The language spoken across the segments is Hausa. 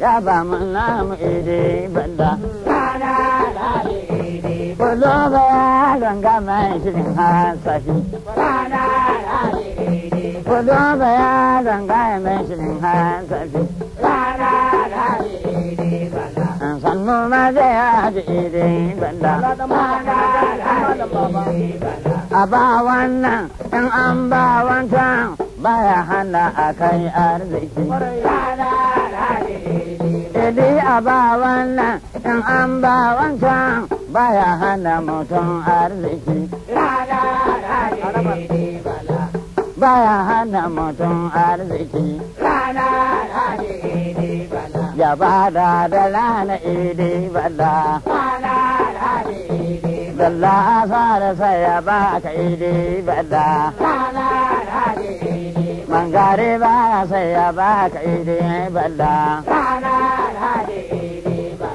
ya ba mu namu ide banda kulo ba ya ganga mai shirin hasashi kulo ba ya ganga mai shirin hasashi sannu ma zai haji ide banda a ba wannan in an ba wancan baya hana a kai arziki. Idi a ba wannan in an ba wancan baya hana mutum arziki. Baya hana mutum arziki. Ya ba da da lana idi bala. Bala sa da sai ya ba ka idi bala. sai ya ba ka idi balla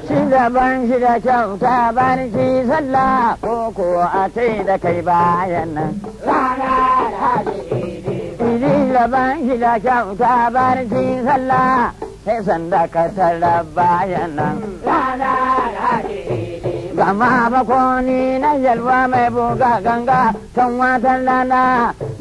shi gaban shi da kyauta shi salla. ko ko a ce da kai bayan nan idi ban shi da kyauta shi salla. sai sanda ka tara bayan nan gama bakoni na yalwa mai buga ganga kan watan lana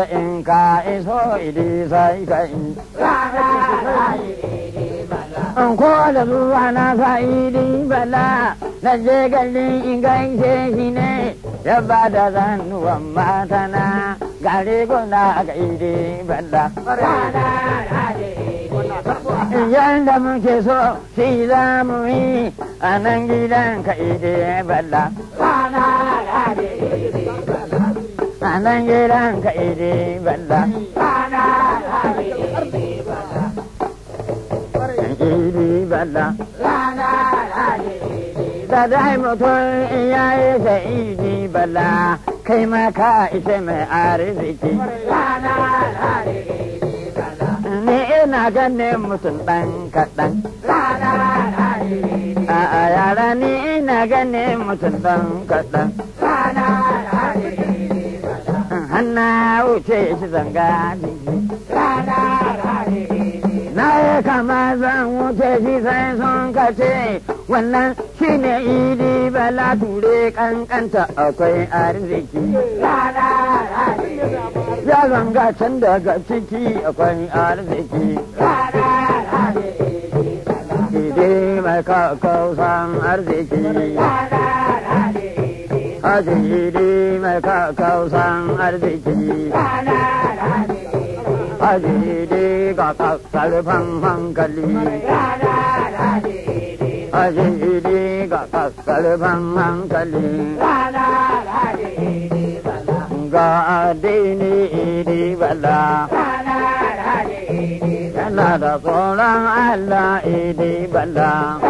la in ka iso idi sai kai an da zuwa na sa'idi bala na je garin in gaishe shi ne ya ba da zannuwan ma gare gona ga idi bala yanda muke so shi za mu yi a nan gidan ka idi bala ana nan gidan ka ide balla ana ide balla ide balla da dai mutum in yayi sa idi balla kai ma ka ishe mai arziki ni ina ganin mutum ɗan kaɗan a yara ni ina ganin mutum ɗan kaɗan wuce shi zanga na yi kama zan wuce shi sai sun kace wannan shi ne idi bala ture kankanta akwai arziki ya zanga can daga ciki akwai arziki idi mai kakkausan arziki Haziri mai kakausan arziki. Haziri ga kasarfan hankali. Haziri ga kasarfan hankali. Ga adini iri bala. Kana da tsoron Allah iri bala.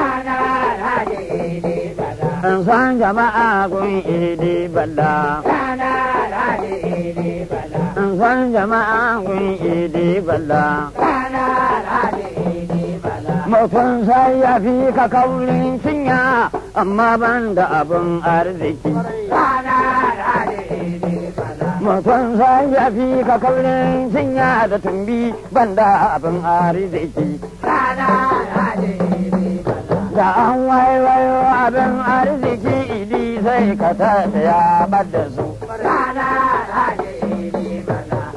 ban san jama'a kun idi balla kana raji idi balla ban san jama'a kun idi balla kana raji idi balla mutum sai ya fi ka kaurin cinya amma ban da abun arziki kana raji idi balla mutum sai ya fi ka kaurin cinya da tumbi ban da abun arziki kana da an waiwayo abin arziki idi sai ka tashi ya da su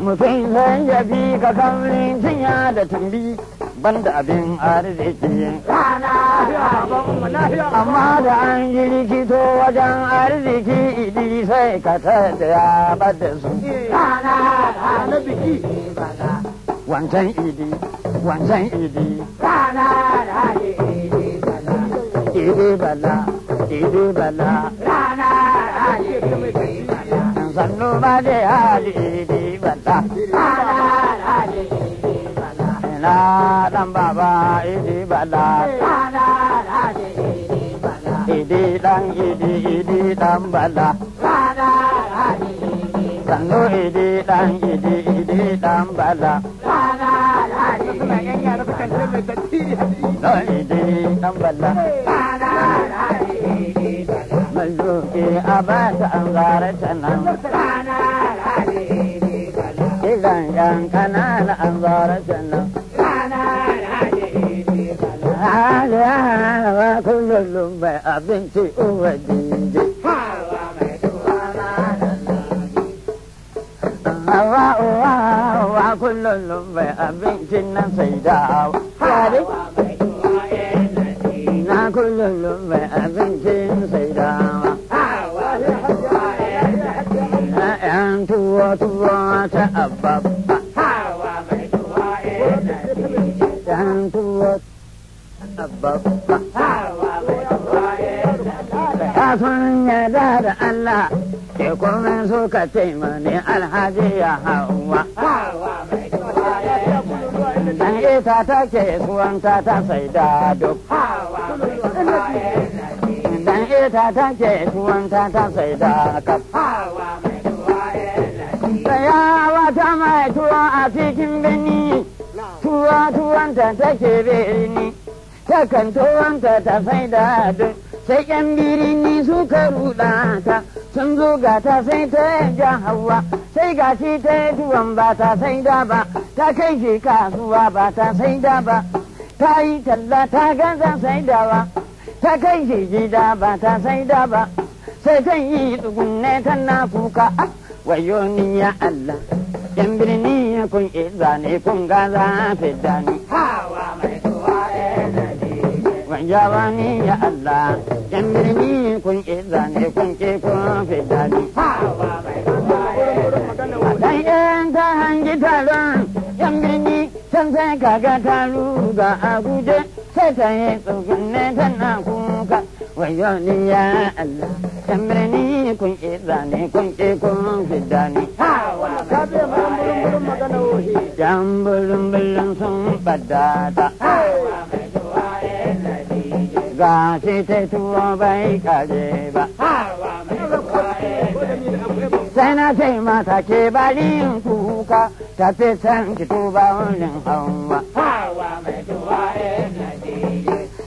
mutum sai ya bi ka kamrin cinya da tumbi banda abin arziki amma da an yi likito wajen arziki idi sai ka tada ya da su wancan idi wancan idi dede bala dede bala rana raye dede bala sannu ma ali dede bala rana raye dede bala na dan baba dede bala rana raye dede bala dede dan dede dede dan bala rana raye dede sannu dede dan dede dede dan bala Mazuki a ba ta an gara ta nan. Kigan yan kanana an gara ta nan. Hali ya hana ba kullum bai abinci uwa dindin. Hawa uwa uwa kullum lumbai abincin nan sai da hari. Na kullum lumbai abincin sai Na ‘Ya'yan tuwa tuwa ta ababba. ‘Ya'yan tuwa ababba. Kafin ya da Allah. ke kuma suka ce ne alhaji ya hauwa dan ita ta ke suwan ta ta sai da duk dan ita ta ke suwan ta ta sai da kaf Ya ta mai tuwa a cikin birni tuwa tuwanta take ni? takan towanta ta faida da sai yan birni suka ruɗa ta sun zo ga ta sai ta ja hawa sai ga shi ta duwan ba ta sai da ba ta kai shi kasuwa ba ta sai da ba ta yi talla ta gaza sai da ba ta kai shi gida ba ta sai da ba sai ta yi ta na kuka wayo ni ya Allah yan birni kun izane kun gaza fidda hawa mai kun jawa ni ya Allah yan birni kun ke zane kun ke kun fi dadi. Dan eh. yan ta hangi taron yan birni can sai kaga ta ruga a guje sai ta yi ta na kuka. Wayo ni ya Allah yan birni kun ke zane kun ke kun fi dadi. Jan eh. bulun bulun sun badata. ga shi ta tuwo bai kaje ba. Sai na ce mata ke bari in kuka ta ce can ki tuba wurin hawa.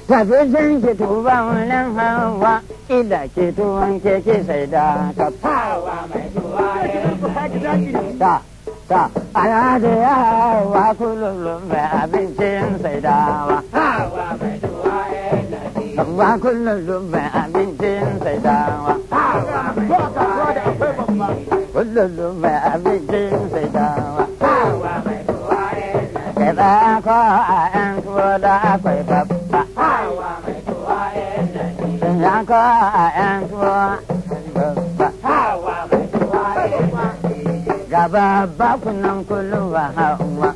Ta ce can ki tuba wurin hawa ida ke tuwon ke ke sai da ka. Ta ta ana da yawa kullum mai abincin sai dawa. Ba kullum zubin abincin sai dawa. Kullum zubin abincin sai dawa. Kai ba ko a ‘yan tuwo akwai babba. Sun ko a ‘yan tuwo babba. Ga babba kunan kullum ba hawa.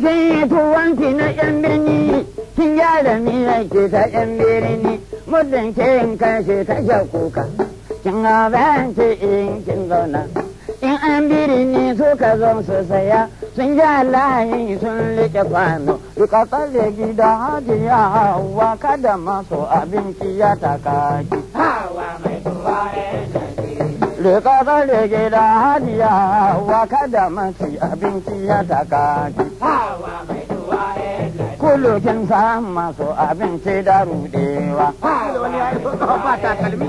to wanki na yan birni, kin gyara mi ke ta yan birni, mudan ke in kashe ta ja kuka. Kin haɓen in kin zauna. In an birni suka zo su saya, sun ja layi sun liƙe kwano. Duka tsalle gida ya hawa kada masu abinci ya taka ki. Hawa mai tuwa Lekar da gida hadiya wa kada masu abinci ya taka ki. Hawa mai duwa ya Kulukin sa masu abinci da rudewa. Hawa wani ya yi ba takalmi.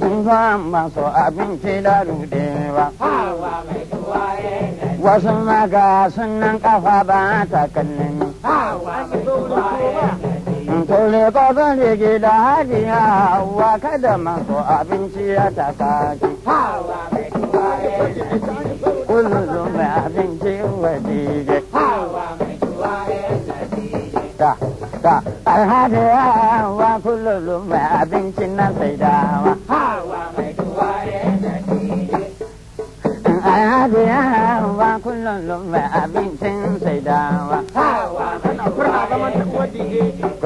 Kun sa masu abinci da rudewa. Hawa mai duwa ya Wasu maga sunan kafa ba takalmi. Hawa mai duwa ya Tole ba zan rage da hadiya wa kada masu abinci ya saki. Ha wa mai kuwa ya yi mai abinci wa Ha wa mai kuwa ya yi Ta, ta, alhadiya wa kuzuzu mai abinci na Ha wa mai kuwa ya yi Alhadiya wa kuzuzu mai abincin saidawa.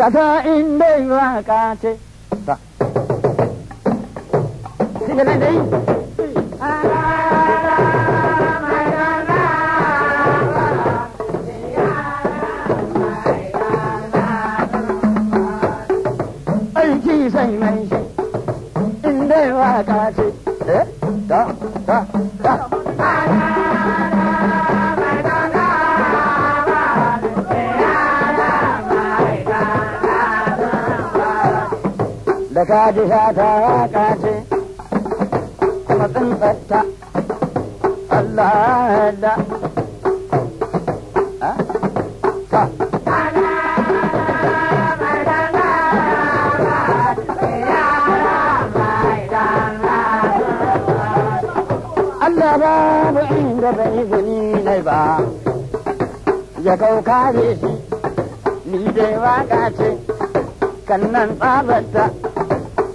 ta ta inda waka ce kaji sha ta waka ce matsin tsatta Allah da Allah babu inda bai gani na ba ya kauka shi ni dai waka ce nan tsabarta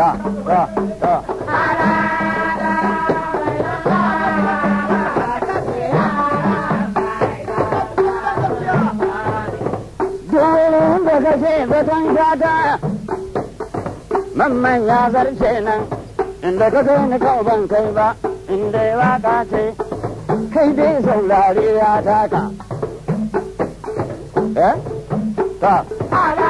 da da da Domin mamman ya zarce nan, inda ka kai ni kawo ban kai ba, inda ya waka ce, kai dai saurari ya taka. Eh? Ta.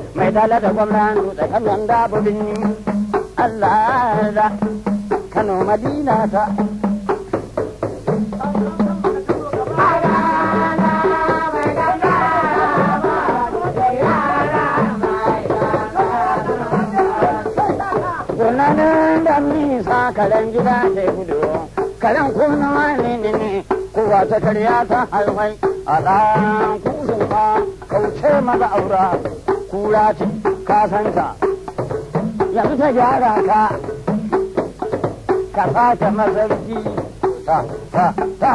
mai dala da gwamnan dutse kanyan dabo binni Allah da Kano Madina ta Sunanin da nisa karen gida da gudu, karen kuna wani ne ne, kowa ta karya ta halwai a ɗan kusurwa kauce maza aura. kura ce ka santa yanzu ta gyara ka ka fata masarki ta ta ta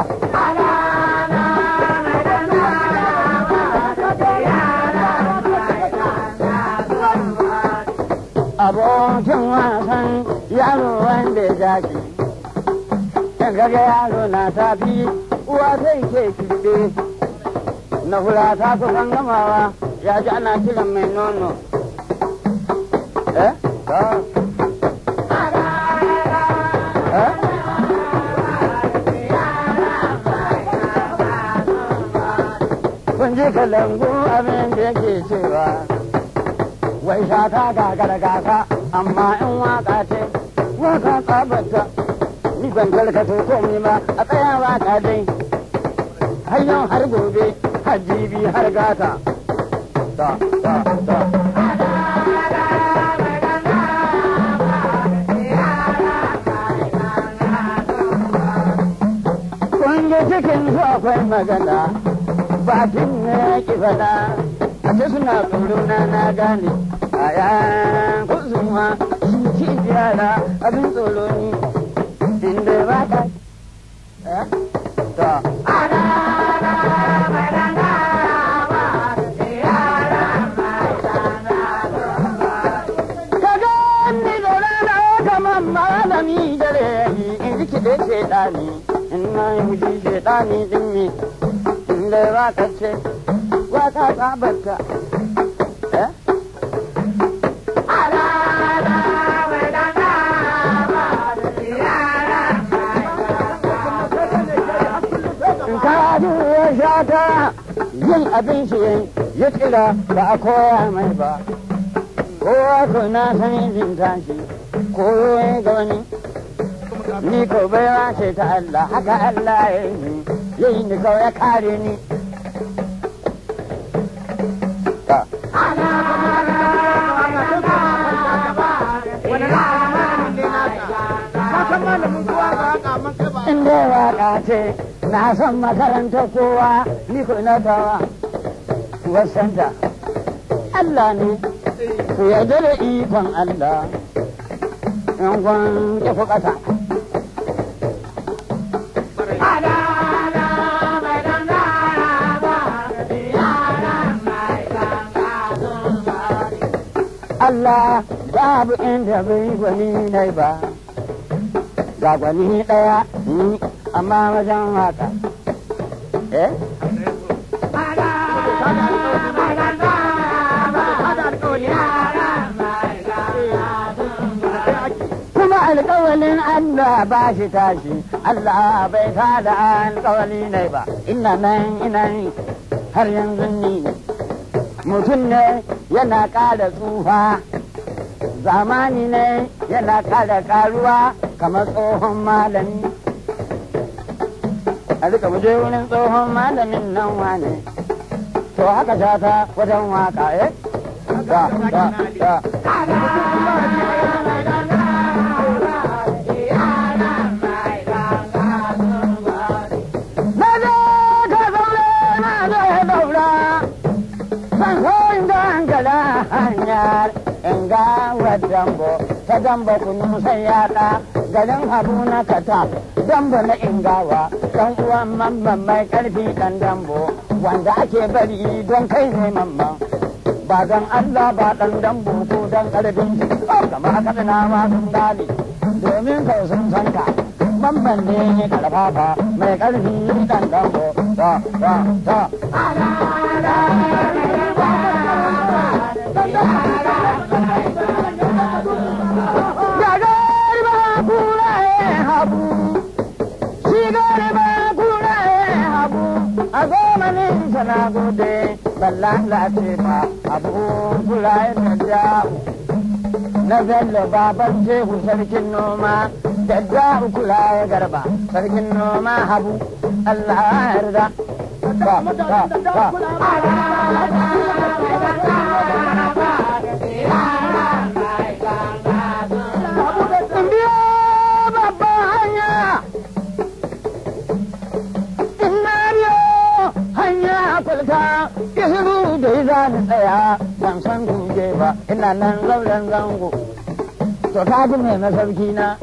abokin wasan yaro wanda ya gashi yan gaga yaro na tafi uwa sai ke kiɗe na hula ta kusan ya ji ana kiran mai nono eh kun kalangu abin da yake cewa wai shata gagara gasa amma in waka ce waka tsabata ni ban karkato komi ba a tsaya waka dai hanyar har gobe har jibi har gata da da da cikin su akwai magana bakin ya ki fada a ce suna tsoro na na gane a yayan kusuma sun ci yara abin tsoro ne inda ba shaidani jinni inda ba ka ce ba ka tsabarka shata yin abin shi ya tsira ba a koya mai ba kowa ko na sanin jin tashi ko ga wani ni ko wa shi ta Allah haka Allah ya yi yayi ni ko ya kare ni in dai waka ce na san makaranta kowa ni ko ina tawa wasanta Allah ne ku yarda da ikon Allah in kun ƙasa Allah babu inda bai gwani nai ba ga gwani daya ni hmm, amma wajen haka eh kuma alkawalin Allah ba shi tashi Allah bai tada alƙawali ne ba ina nan ina ni har yanzu ni mutum ne yana ƙara tsufa zamani ne yana kada karuwa kamar tsohon malami a duka muje wurin tsohon malamin nan wane to haka shata wajen waka eh ka damba kunun sai yaɗa garin habu na kata damba na ingawa dan uwan mamman mai karfi dan dambo wanda ake bari don kai ne mamman ba dan Allah ba dan dambo ko dan karfin kama aka tsina ma sun dali domin kai sun sanka mamman ne karfafa mai karfi dan dambo ta ta ta na la ce lafiya abu gulaye na jawo na bello baban shehu sarkin noma da jawo garba sarkin noma habu allah ya ba ba ba ba nan zauren zango to ta ji mai masauki na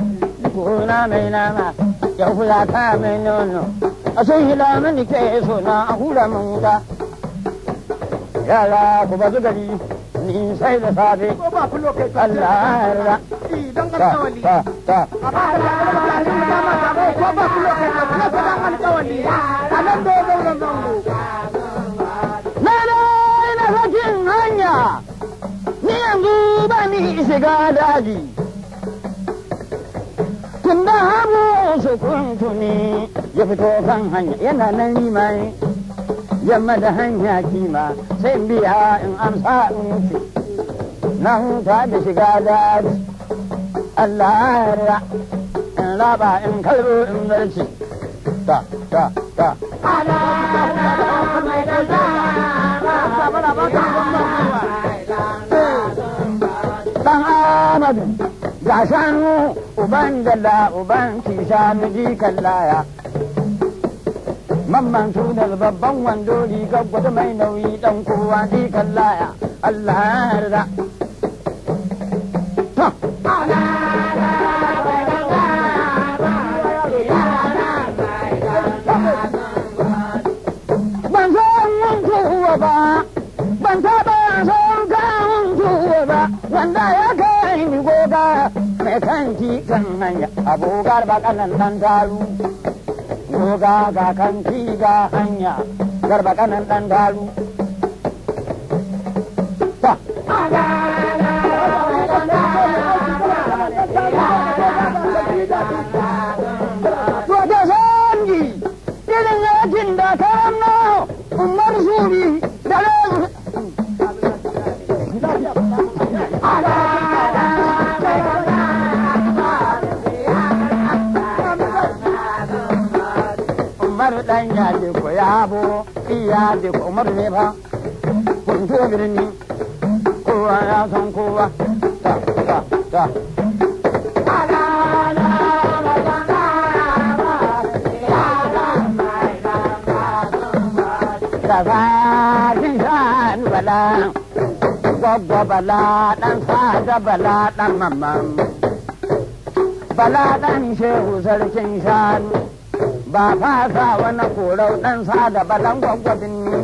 kuna mai nama ya kula ta mai nono a sun yi lamun ke so na a hura mun wuta yara ku su gari ni sai da safe Allah ka tawali ta ta ta ta ta ta ta ta ta ta ta ta shiga daji tun da habu su kuntuni ya fito kan hanya yana nan mai yamma da hanya kima sai biya in amsa in ce nan ta da shiga daji Allah ya in raba in kalbo in zarce ta ta ta shanu ga shanu uban dalla uban ki shanu jikan laya mamman sunar babban wando rigar gwada mai nauyi dan kowa jikan laya Allah ya yarda. mai kanti kan manya abogar bakanan dan daru goga ga kanti ga hanya garba kanan dan daru ya je ko umar ne fa kun tuwa birni kowa ya san kowa ta ta ta Safarin bala, bala, ɗan sada bala, ɗan mamman, bala ɗan shehu sarkin shanu. ba sa wani korau ɗan sa da balan gwagwabin ni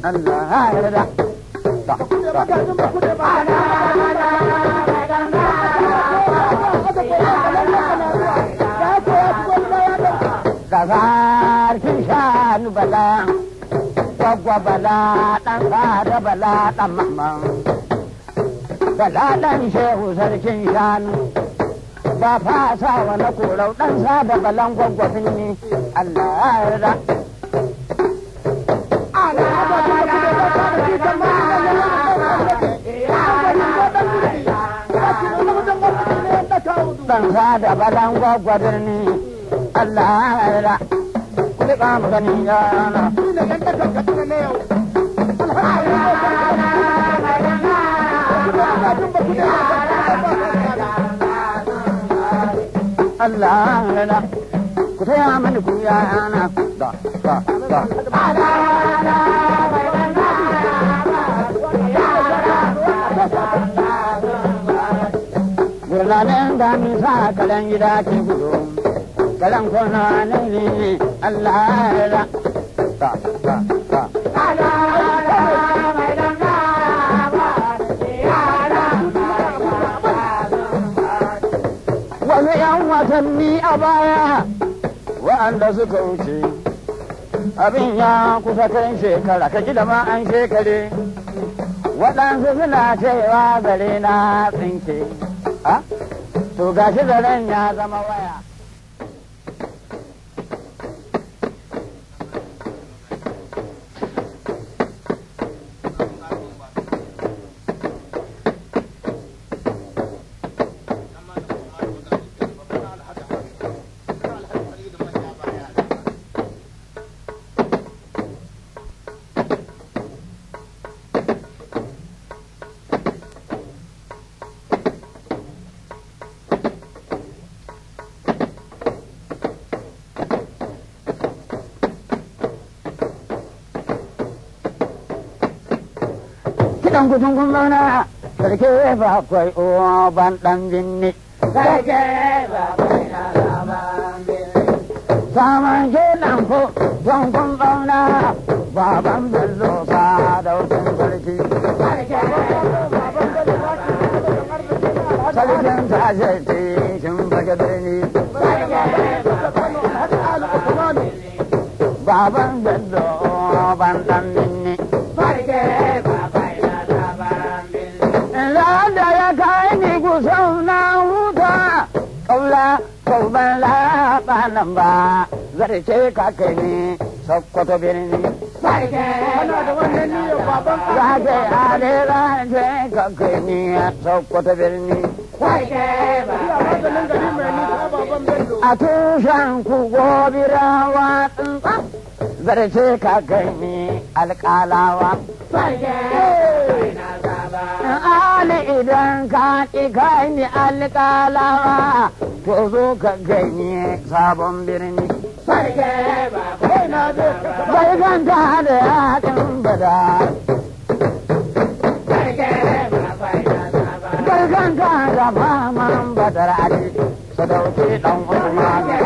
Allah ya da da da shanu bala gwagwa bala ɗan da bala ɗan mamman bala ɗan shehu sarkin shanu ba fa sa wa na korau dan sa da balan gwaggwafin ni Allah ya dan sa da balan gwaggwafin ni Allah ya yarda kuma ba mu gani ya na ni ne dan ta ka ne yau Allah ya yarda Allah ku taya mani ku yana da da da Gurlanen da mi sa kalan gida ke gudu, kalan kona ne Allah la manzanni a baya wa'anda suka wuce abin ya kusa kan shekara ka gida ma an shekare waɗansu suna cewa zare na tsinke ah, to gashi zaren ya zama waya dan gudun kun zauna sarki ba kwai uban dan binni sarki ba kwai na zaman binni saman ke nan ko don kun zauna baban bello sa daukin sarki sarkin ta ce ce kin bage birni baban bello ban dan binni ba nan ba zarce ka kai ne sakkwato birni zarce ale zarce ka kai ne a tushen ku gobirawa zarce ka kai ne alƙalawa wani idan ka ƙi ni alƙalawa to zo ka ganye sabon birni sarki ba kai na zo bai ganta da yakin bada bai ganta da faman badar ali sadauki dan usman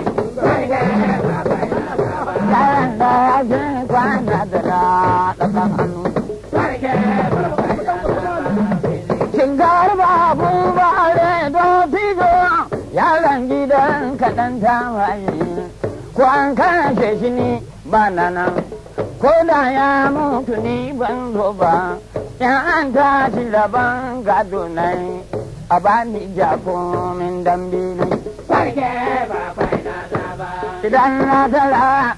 yaran da ya je da hannu. ba re don fido yaran gidan kaɗan ta Ko an kashe shi ni ba Ko da ya mutu ni ban zo ba. an tashi daban gado nai. A bani Idan na tara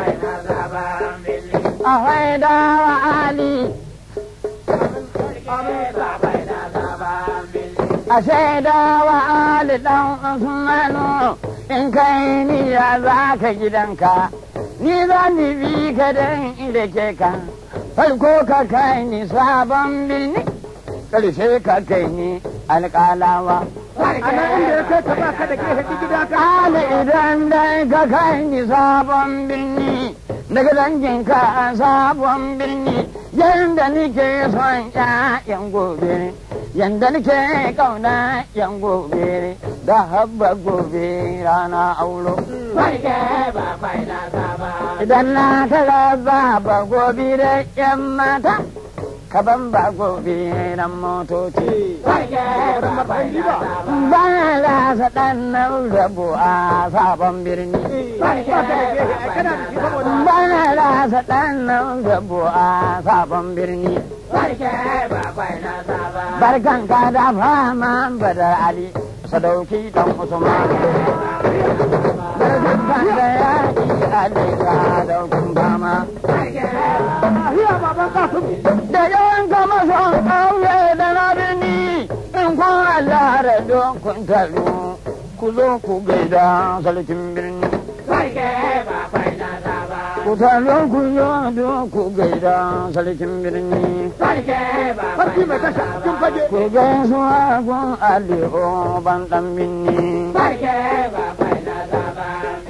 a faida wa ali a shaida wa ali dan usmanu in kai ni ya za ka gidanka ni za ni bi ka dan ida ke ka farko ka kai ni sabon birni ƙarshe ka kai ni alƙalawa ana inda ya kai ka ba ka da ke gida ka ala idan dai ka kai ni sabon birni daga ka a sabon birni yadda nike son ƴaƴan gobe yadda nike kauna ƴan gobe da habba gobe rana auro idan na tara ba gobe da ƴan mata kaban ba gobe na motoci ba rasa dan nan rabo a sabon birni ba rasa dan nan rabo a sabon birni barkan ka da fama badar ali sadauki dan usman da yawan kama son ƙauye da na birni in kun halara don kun taru ku zo ku gaida sarkin birni. Ku taru ku zo birni. kun aliyu ban ɗan birni.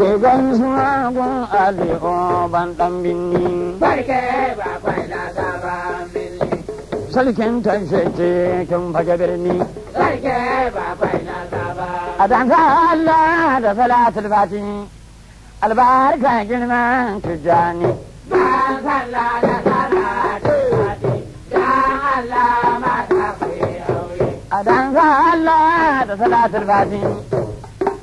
ke gan suna gun aliyu ban dan binni. Barke ba kwai lada ba binni. Sarkin tashece kin fage birni. Barke ba kwai lada ba. A Allah da salatul fati. Albarka girman tijjani. Ban sallah da salatul fati. Dan Allah mata ku aure. A danka Allah da salatul fati.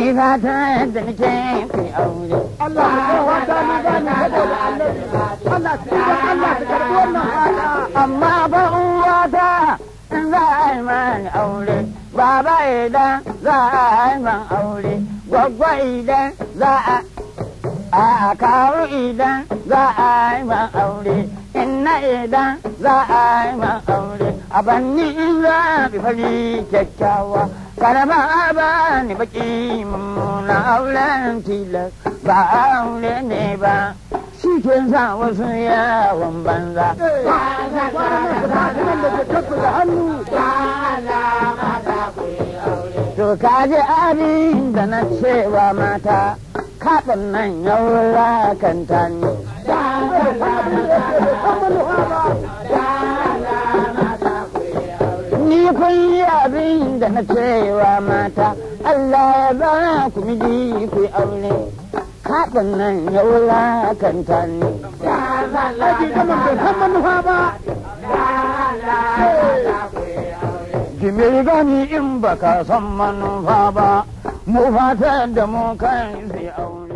ni fata yadda nake fi Allah ta ni ba ni saboda annabi. Allah su Allah su karbi Amma ba uwa ta in za a aure. Baba idan za a aure. idan za a a kawo idan za a yi aure. Inna idan za a yi aure. A banni in za a bi fari kyakkyawa. karaba ba ni baki na aulen tilas ba aure ne ba shi ke sa wasu yawon banza to ka ji abin da na cewa mata kaɗin nan ya wulakanta ne. ni kun yi abin da na cewa mata Allah ya ba ku miji ku aure kaɗan nan ya wulakanta ne. Aji gaman bai san manufa ba. Jimiri gani in baka san manufa ba, mu fata da mu kan zai aure.